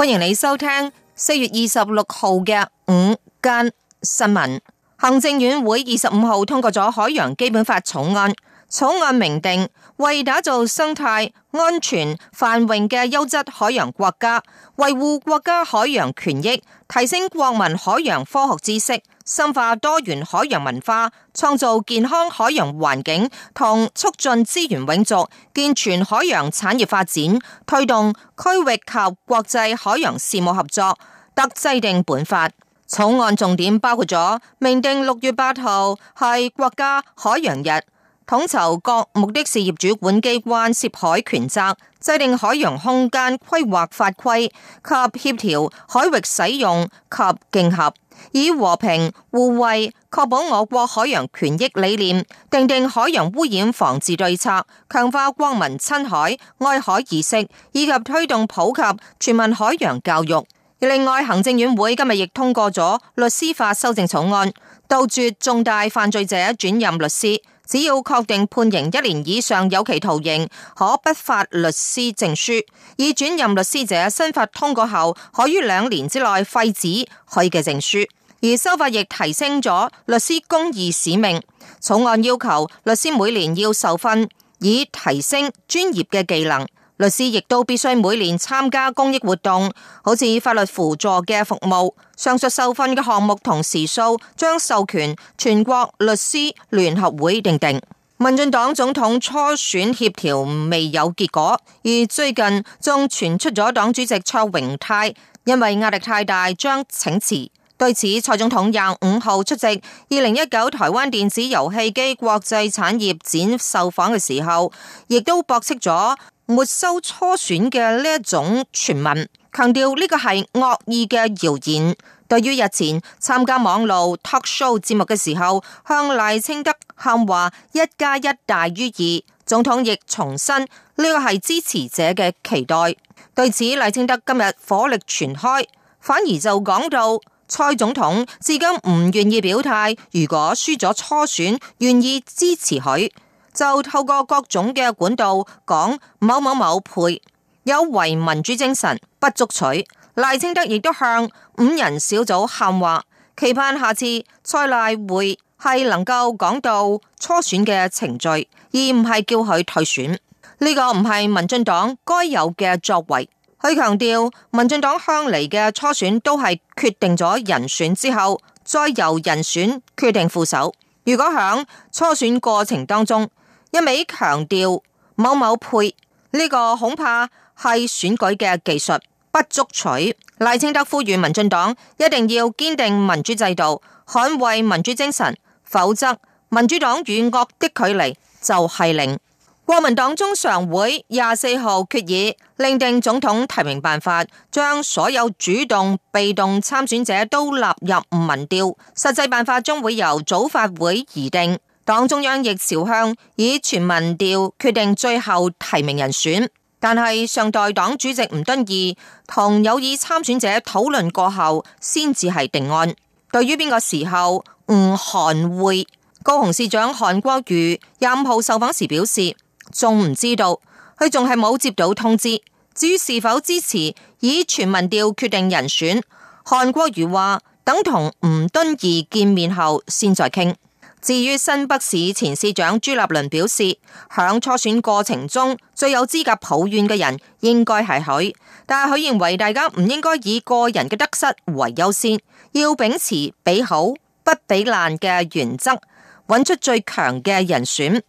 歡迎你收聽四月二十六號嘅午間新聞。行政院會二十五號通過咗《海洋基本法》草案。草案明定，為打造生態安全、繁榮嘅優質海洋國家，維護國家海洋權益，提升國民海洋科學知識，深化多元海洋文化，創造健康海洋環境，同促進資源永續，健全海洋產業發展，推動區域及國際海洋事務合作，特制定本法。草案重點包括咗明定六月八號係國家海洋日。統籌各目的事業主管機關涉海權責，制定海洋空間規劃法規及協調海域使用及競合，以和平互惠，確保我國海洋權益理念。訂定、訂定海洋污染防治對策，強化國民親海愛海意識，以及推動普及全民海洋教育。另外，行政院會今日亦通過咗律師法修正草案，杜絕重大犯罪者轉任律師。只要確定判刑一年以上有期徒刑，可不發律師證書。已轉任律師者，新法通過後，可於兩年之內廢止佢嘅證書。而修法亦提升咗律師公義使命，草案要求律師每年要受訓，以提升專業嘅技能。律師亦都必須每年參加公益活動，好似法律輔助嘅服務。上述受訓嘅項目同時數將授權全國律師聯合會訂定。民進黨總統初選協調未有結果，而最近仲傳出咗黨主席卓榮泰因為壓力太大將請辭。對此，蔡總統廿五號出席二零一九台灣電子遊戲機國際產業展受訪嘅時候，亦都駁斥咗。沒收初選嘅呢一種傳聞，強調呢個係惡意嘅謠言。對於日前參加網路 talk show 節目嘅時候，向賴清德喊話一加一大於二，總統亦重申呢個係支持者嘅期待。對此，賴清德今日火力全開，反而就講到蔡總統至今唔願意表態，如果輸咗初選，願意支持佢。就透過各種嘅管道講某某某配有違民主精神不足取。賴清德亦都向五人小組喊話，期盼下次蔡賴會係能夠講到初選嘅程序，而唔係叫佢退選。呢、這個唔係民進黨該有嘅作為。佢強調，民進黨向嚟嘅初選都係決定咗人選之後，再由人選決定副手。如果響初選過程當中，一味強調某某配呢個，恐怕係選舉嘅技術，不足取。賴清德呼籲民進黨一定要堅定民主制度，捍衛民主精神，否則民主黨與惡的距離就係零。國民黨中常會廿四號決議，另定總統提名辦法，將所有主動、被動參選者都納入民調，實際辦法將會由組法會而定。黨中央亦朝向以全民調決定最後提名人選，但係尚待黨主席吳敦義同有意參選者討論過後，先至係定案。對於邊個時候吳韓會，高雄市長韓國瑜廿五號受訪時表示，仲唔知道，佢仲係冇接到通知。至於是否支持以全民調決定人選，韓國瑜話等同吳敦義見面後先再傾。至於新北市前市長朱立倫表示，響初選過程中最有資格抱怨嘅人應該係佢，但係佢認為大家唔應該以個人嘅得失為優先，要秉持比好不比爛嘅原則，揾出最強嘅人選。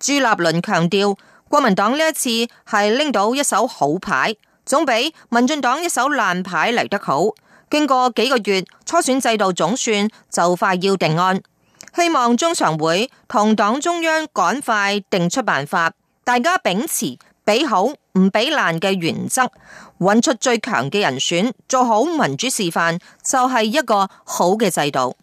朱立倫強調，國民黨呢一次係拎到一手好牌，總比民進黨一手爛牌嚟得好。經過幾個月初選制度，總算就快要定案。希望中常會同黨中央趕快定出辦法，大家秉持比好唔比爛嘅原則，揾出最強嘅人選，做好民主示範，就係、是、一個好嘅制度。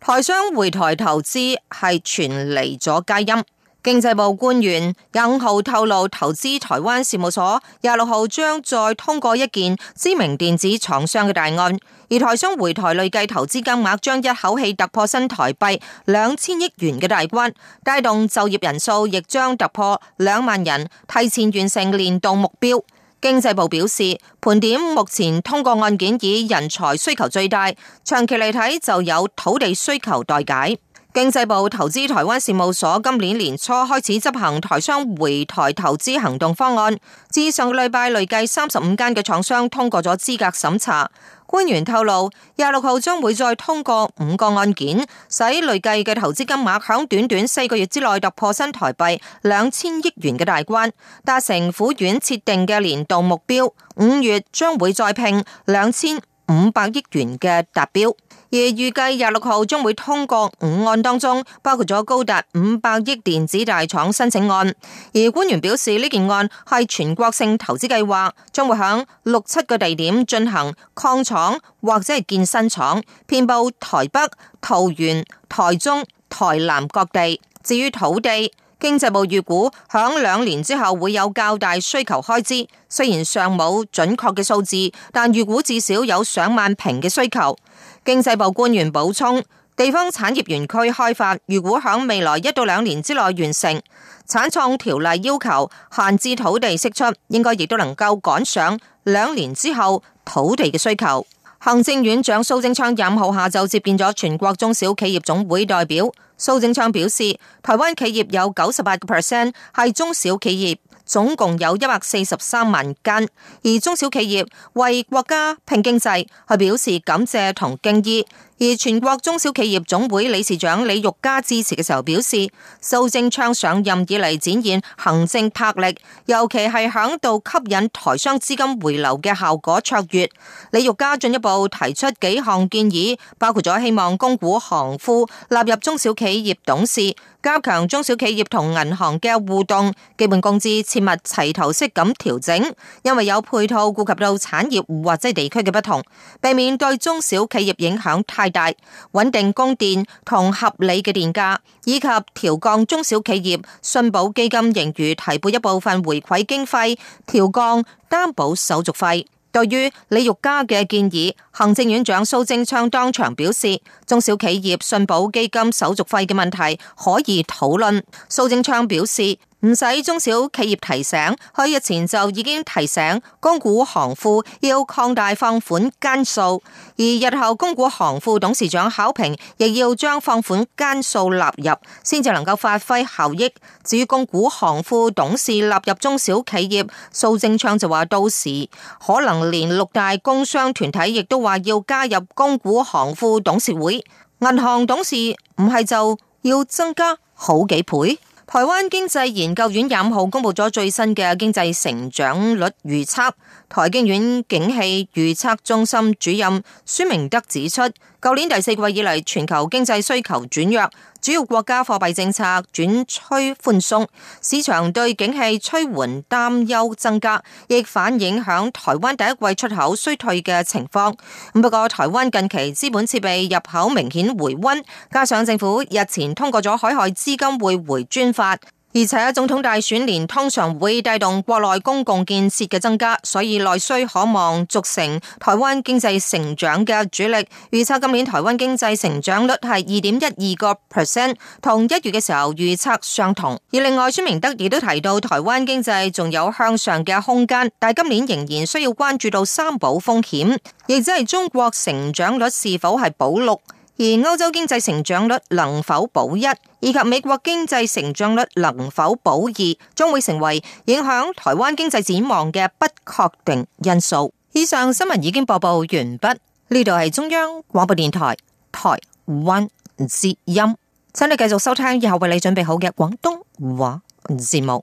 台商回台投資係傳嚟咗佳音。經濟部官員廿五號透露，投資台灣事務所廿六號將再通過一件知名電子廠商嘅大案，而台商回台累計投資金額將一口氣突破新台幣兩千億元嘅大關，帶動就業人數亦將突破兩萬人，提前完成年度目標。經濟部表示，盤點目前通過案件，以人才需求最大，長期嚟睇，就有土地需求待解。經濟部投資台灣事務所今年年初開始執行台商回台投資行動方案，自上個禮拜累計三十五間嘅廠商通過咗資格審查。官員透露，廿六號將會再通過五個案件，使累計嘅投資金額響短短四個月之內突破新台幣兩千億元嘅大關，達成府院設定嘅年度目標。五月將會再聘兩千。五百億元嘅達標，而預計廿六號將會通過五案當中，包括咗高達五百億電子大廠申請案。而官員表示呢件案係全國性投資計劃，將會響六七個地點進行礦廠或者係建新廠，遍布台北、桃園、台中、台南各地。至於土地。經濟部預估響兩年之後會有較大需求開支，雖然尚冇準確嘅數字，但預估至少有上萬坪嘅需求。經濟部官員補充，地方產業園區開發預估響未來一到兩年之內完成，產創條例要求限制土地釋出，應該亦都能夠趕上兩年之後土地嘅需求。行政院長蘇貞昌廿號下晝接見咗全國中小企業總會代表。蘇貞昌表示，台灣企業有九十八個 percent 係中小企業，總共有一百四十三萬間。而中小企業為國家拼經濟，係表示感謝同敬意。而全國中小企業總會理事長李玉嘉致辭嘅時候表示，蘇貞昌上任以嚟，展現行政魄力，尤其係響度吸引台商資金回流嘅效果卓越。李玉嘉進一步提出幾項建議，包括咗希望公股行庫納入中小企業董事，加強中小企業同銀行嘅互動，基本工資切勿齊頭式咁調整，因為有配套顧及到產業或者地區嘅不同，避免對中小企業影響太。大穩定供電同合理嘅電價，以及調降中小企業信保基金盈餘提撥一部分回饋經費，調降擔保手續費。對於李玉家嘅建議，行政院長蘇貞昌當場表示，中小企業信保基金手續費嘅問題可以討論。蘇貞昌表示。唔使中小企業提醒，去日前就已經提醒公股行庫要擴大放款間數，而日後公股行庫董事長考評亦要將放款間數納入，先至能夠發揮效益。至於公股行庫董事納入中小企業，蘇貞昌就話到時可能連六大工商團體亦都話要加入公股行庫董事會，銀行董事唔係就要增加好幾倍？台灣經濟研究院廿五號公布咗最新嘅經濟成長率預測。台經院景氣預測中心主任孫明德指出，舊年第四季以嚟，全球經濟需求轉弱，主要國家貨幣政策轉趨寬鬆，市場對景氣趨緩擔憂增加，亦反影響台灣第一季出口衰退嘅情況。不過，台灣近期資本設備入口明顯回溫，加上政府日前通過咗海外資金匯回專法。而且總統大選年通常會帶動國內公共建設嘅增加，所以內需可望促成台灣經濟成長嘅主力。預測今年台灣經濟成長率係二點一二個 percent，同一月嘅時候預測相同。而另外，孫明德亦都提到台灣經濟仲有向上嘅空間，但今年仍然需要關注到三保風險，亦即係中國成長率是否係保六，而歐洲經濟成長率能否保一。以及美國經濟成長率能否保二，將會成為影響台灣經濟展望嘅不確定因素。以上新聞已經播報道完畢，呢度係中央廣播電台台灣之音，請你繼續收聽以後為你準備好嘅廣東話節目。